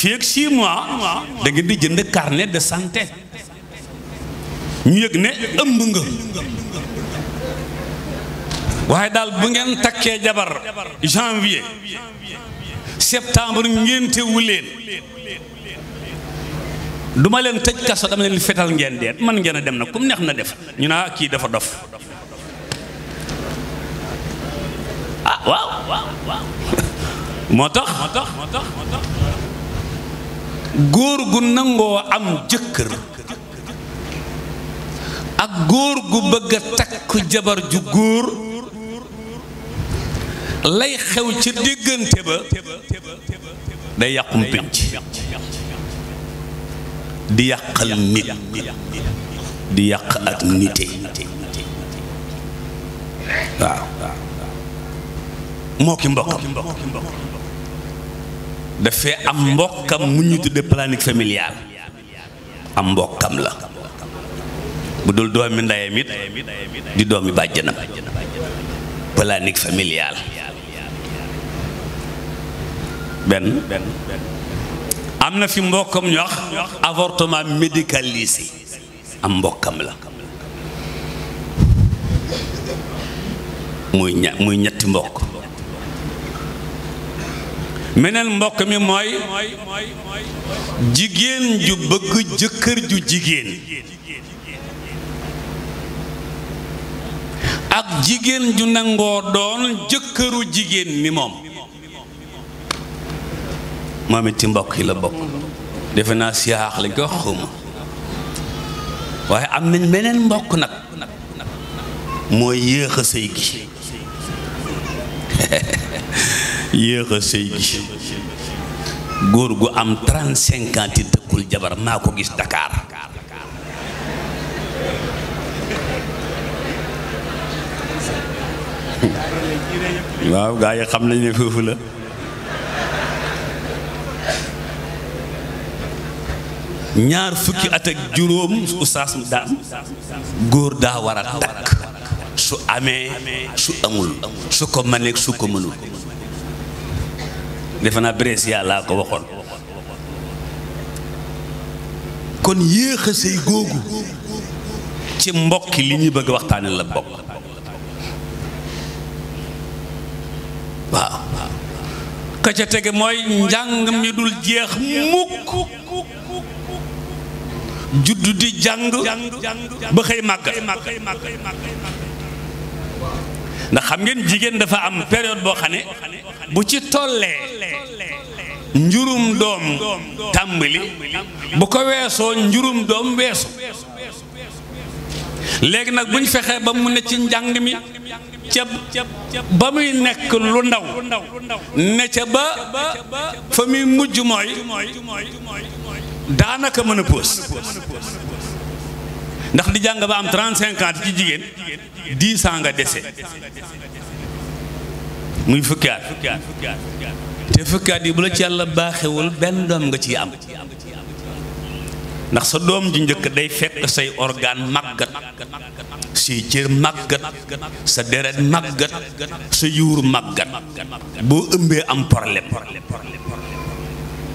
fii ak 6 mois da ngeen di jënd carnet de santé ñu yëg ne ëmb nga waaye daal bu ngeen takkee jabar janvier septembre ngénte wu leen du ma leen tëj kaso dama leen fetal ngeen dee man ngeen dem na kum neex na def ñu naa kii dafa dof ah waaw moo tax góor gu nangoo am jëkkër ak góor gu bëgg takk jabar ju góor lay xew ca diggante ba day yàqum pénc di yàqal nit di yàq ak nite waaw moo ki mbokkam dafee am mbokkam mu ñu tudde planning familial am mbokkam la bu dul doomi ndeyam it di doomi bàjjanam planning familial benn am na fi mbokkam ñu wax avortement médicalisé am mbokkam la muy ña muy ñetti mbokk meneen mbokk mi mooy jigéen ju bëgg jëkkër ju jigéen ak jigéen ju nangoo doon jëkkëru jigéen mi moom moom it ci mbokk yi la bokk defe naa siyaax lañ ko xuma waaye am nañ meneen mbokk nag mooy yéex gi yéex a sëy góor gu am trente cinq ans te dëkkul jabar maa ko gis Dakar waaw gaa yi xam nañ ne foofu la ñaar fukki at ak juróom oustaz daam góor daa war a takk su amee su amul su ko mëneek su ko mënul defe naa Brescia laa ko waxoon kon yéex a sëy googu ci mbokki li ñu bëgg waxtaanee la bokk waaw ka ca tege mooy njàng mi dul jeex mukk juddu di jàng ba xëy màgg ndax xam ngeen jigéen dafa am période boo xam ne bu ci tollee njurum doom tàmbali bu ko weesoo njurum doom weesu léegi nag bu ñu fexee ba mu ne ci njàng mi ca ba muy nekk lu ndaw ne ca ba fa muy mujj mooy daanaka mën a pos ndax di jàng ba am ci jigéen 10 ans nga dese muy fukki at te fukki at yi bu la ci yàlla baaxewul benn doom nga ciy am ndax sa doom ji njëkk day fekk say organe màggat say cër màggat sa deret màggat sa yuur màggat boo ëmbee am problème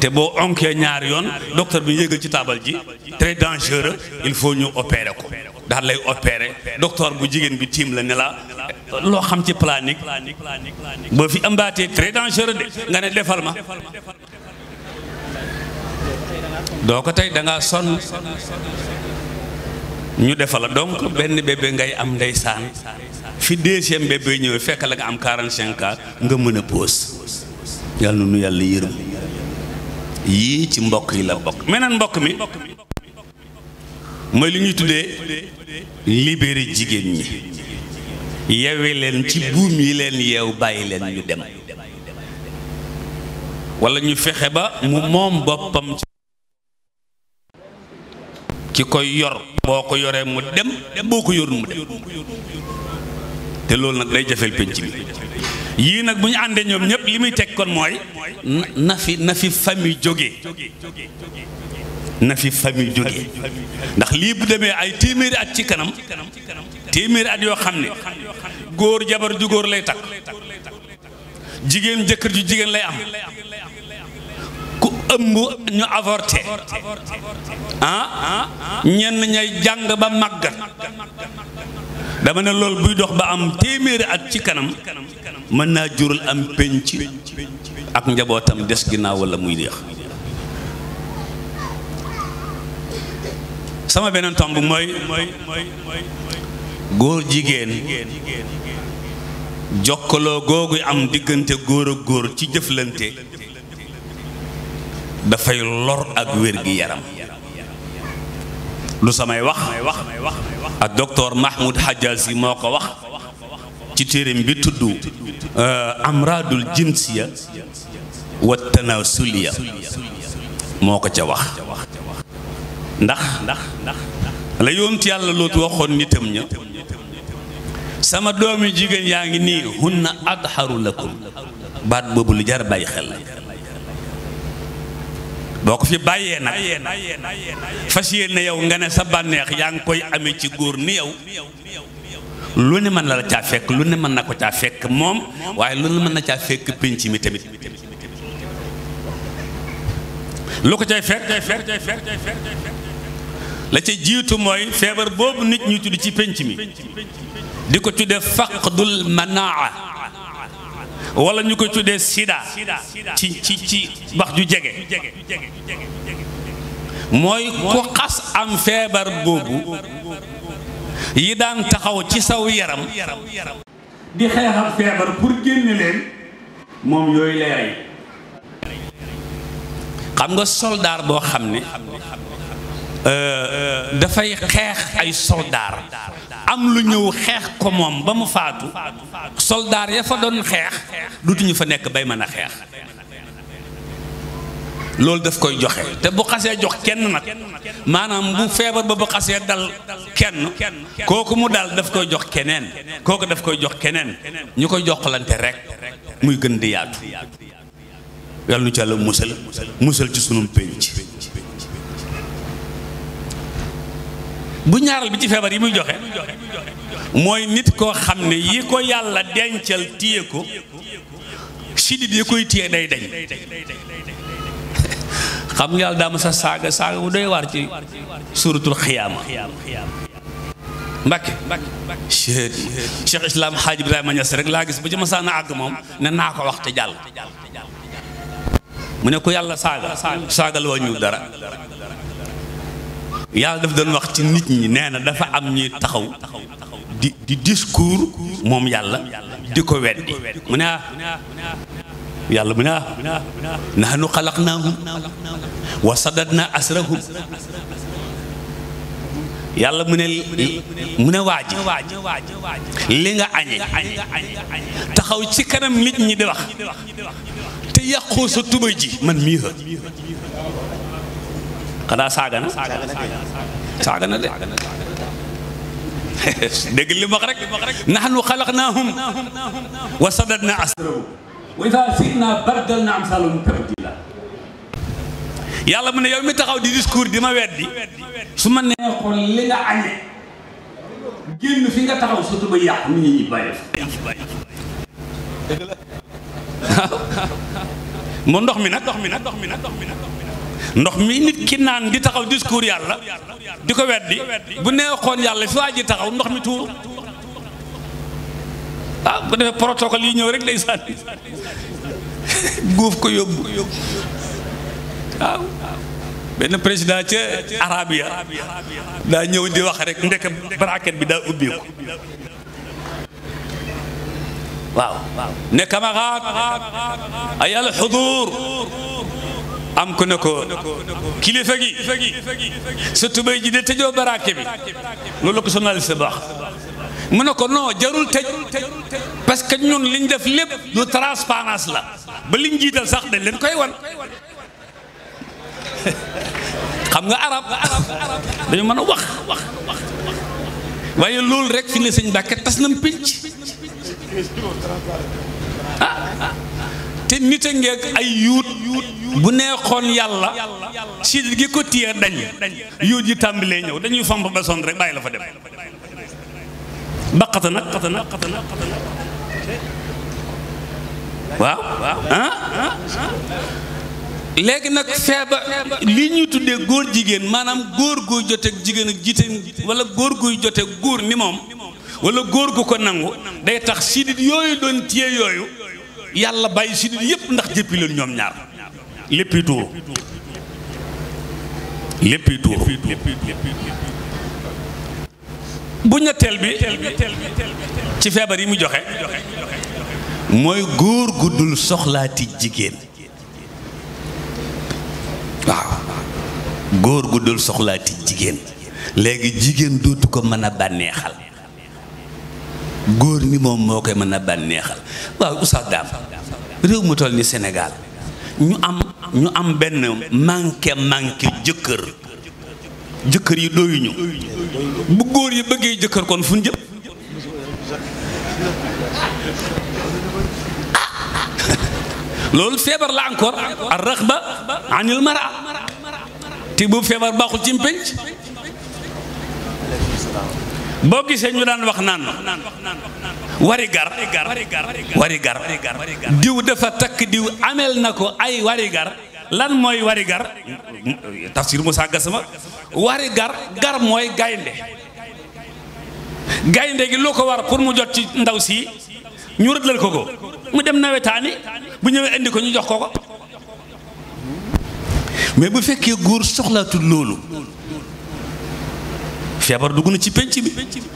te boo onkee ñaari yoon docteur bi yëgal ci taabal ji très dangereux il faut ñu opérer ko daal lay opérer docteur bu jigéen bi tiim la ne la loo xam ci planique boo fi ambaatee très dangereux de nga ne defal ma doo ko tey danga sonn ñu defal la donc benn bébé ngay am ndeysaan fi deuxième bébé ñëwee fekk la nga am 45 ans nga mën a pause yàlla nu yàlla yërëm yii ci mbokk yi la bokk meneen mbokk mi mooy li ñuy tuddee libéré jigéen ñi yewe leen ci buum yi leen yew bàyyi leen ñu dem wala ñu fexe ba mu moom boppam ci koy yor boo ko yoree mu dem boo ko yorul mu dem te loolu nag day jafeel penc mi yii nag bu ñu àndee ñoom ñëpp li muy teg kon mooy na fi na fi famille jógee na fi famille jógee ndax lii bu demee ay téeméeri at ci kanam téeméeri at yoo xam ne góor jabar ju góor lay takk jigéen jëkkër ju jigéen lay am ku ëmb ñu avorté ah? ah ñenn ñay jàng ba màggat dama ne loolu buy dox ba am téeméeri at ci kanam mën naa jural am penc ak njabootam des ginnaaw wala muy deex sama beneen tomb mooy góor jigéen jokkaloo googu am diggante góor a góor ci jëflante dafay lor ak wér gi yaram lu samay wax ak docteur Mahmoud Hadjazi moo ko wax ci téereem bi tudd euh, amradul jinsiya wa tanasuliya moo ko ca wax ndax la yonent yàlla lootu waxoon nitam ña sama doomi jigéen yaa ngi nii hunna adharu lakum baat boobu lu jar bàyyi xel boo ko fi bàyyee nag fas yéen na yow nga ne sa bànneex yaa ngi koy amee ci góor ni yow lu ne mën na la caa fekk lu ne mën na ko caa fekk moom waaye lu ne mën na caa fekk pénc mi tamit lu ko cay fekk la ca jiitu mooy feebar boobu nit ñu tudd ci pénc mi di ko tuddee faqdul manaa wala ñu ko tuddee sida ci ci ci wax ju jege mooy ku xas am feebar boobu yi daan taxaw ci saw yaram di xeex ak feebar pour génne leen moom yooyu lay xam nga soldaar boo xam ne euh, dafay xeex ay soldaar am lu ñëw xeex ko moom ba mu faatu soldaar ya fa doon xeex dutuñu fa nekk bay mën a xeex loolu daf koy joxe te bu xasee jox kenn nag maanaam bu feebar ba bu xasee dal kenn kooku mu dal daf koy jox keneen kooku daf koy jox keneen ñu koy joxlante rek muy gën di yaatu yàlla nu ci la musal musal ci sunum pénc bu ñaaral bi ci feebar yi muy joxe mooy nit koo xam ne yi ko yàlla dencal téye ko sidit yi koy téye day dañ xam yàlla daa ma sa saaga saaga bu doy waar ci suuratul xiyaama mbakke cheikh cheikh islam xaaj ibrahima rek laa gis ba ci masaana àgg moom ne naa ko wax te jàll mu ne ko yàlla saaga saagal wàññiwul dara yàlla dafa doon wax ci nit ñi nee na dafa am ñuy taxaw di di discours moom yàlla di ko weddi mu ne ah yàlla mu ne ah nahnu xalaqnaahum wa sadadna asrahum yàlla mu ne mu ne waa ji li nga añe taxaw ci kanam nit ñi di wax te yàqoo sa tubay ji man mii xanaa saaga na saaga na de dégg li ma wax rek nahnu xalaqnaahum wa sadadna asrahum wa idaa shi'naa baddalnaa amsaalahum tabdiila yàlla mu ne yow mi taxaw di discours di ma weddi su ma neexoon li nga añe génn fi nga taxaw surtout ba yàqu nit ñi bàyyi mu ndox mi nag ndox mi nag ndox mi nag ndox mi nag ndox mi nit ki naan di taxaw discours yàlla di ko weddi bu neexoon yàlla fi waa ji taxaw ndox mi tuur ah bu defee protocole yi ñëw rek lay sànni guuf ko yóbbu waaw ah, benn président ca arabia daa ñëw di wax rek ndekk braquette bi daa ubbi ko waaw ne camarade ayal xudur am ku ne ko kilifa gi sa tubéy ji de tëjoo baraake bi loolu ko journaliste baax mu ne ko non jarul tëj parce que ñun liñ def lépp lu transparence la ba liñ jiital sax dañ leen koy wan xam nga arab dañu mën a wax wax wax waaye loolu rek fi ne sëñ Mbàkke tas nam pinc ah, ah, ah te nit a ngeeg ay yuut yuut bu neexoon yàlla sidit gi ko téye dañ yuut yi tàmbalee ñëw dañuy fomp ba sonn rek bàyyi la fa dem baqata nag waaw ah, ah, ah. léegi nag feebar li ñuy tuddee góor jigéen maanaam góor guy jote jigéen ak jiite wala góor guy jote góor ni moom wala góor gu ko nangu day tax sidit yooyu doon téye yooyu yàlla bàyyi sidit yépp ndax jëppi leen ñoom ñaar lépp yi tuuru lépp yi tuuru bu ñetteel bi ci feebar yi mu joxe mooy góor guddul soxlaati jigéen waaw góor guddul soxlaati jigéen léegi jigéen dootu ko mën a bànneexal góor ni moom moo koy mën a bànneexal waaw Oustaz Dame réew mu toll ni senegaal ñu am ñu am benn manqué manqué jëkkër jëkkër yi doyuñu bu góor yi bëggee jëkkër kon fu ñu loolu feebar la encore ar raxba anil mara te bu feebar baaxul ci pénc boo gisee ñu daan wax naan warigar warigar diw dafa takk diw amel na ko ay warigar lan mooy warigar tafsir Moussa Gassama warigar gar mooy gaynde gaynde gi loo ko war pour mu jot ci ndaw si ñu rëddal ko ko mu dem nawetaani bu ñëwee indi ko ñu jox ko ko mais bu fekkee góor soxlaatul loolu feebar dugg na ci penc bi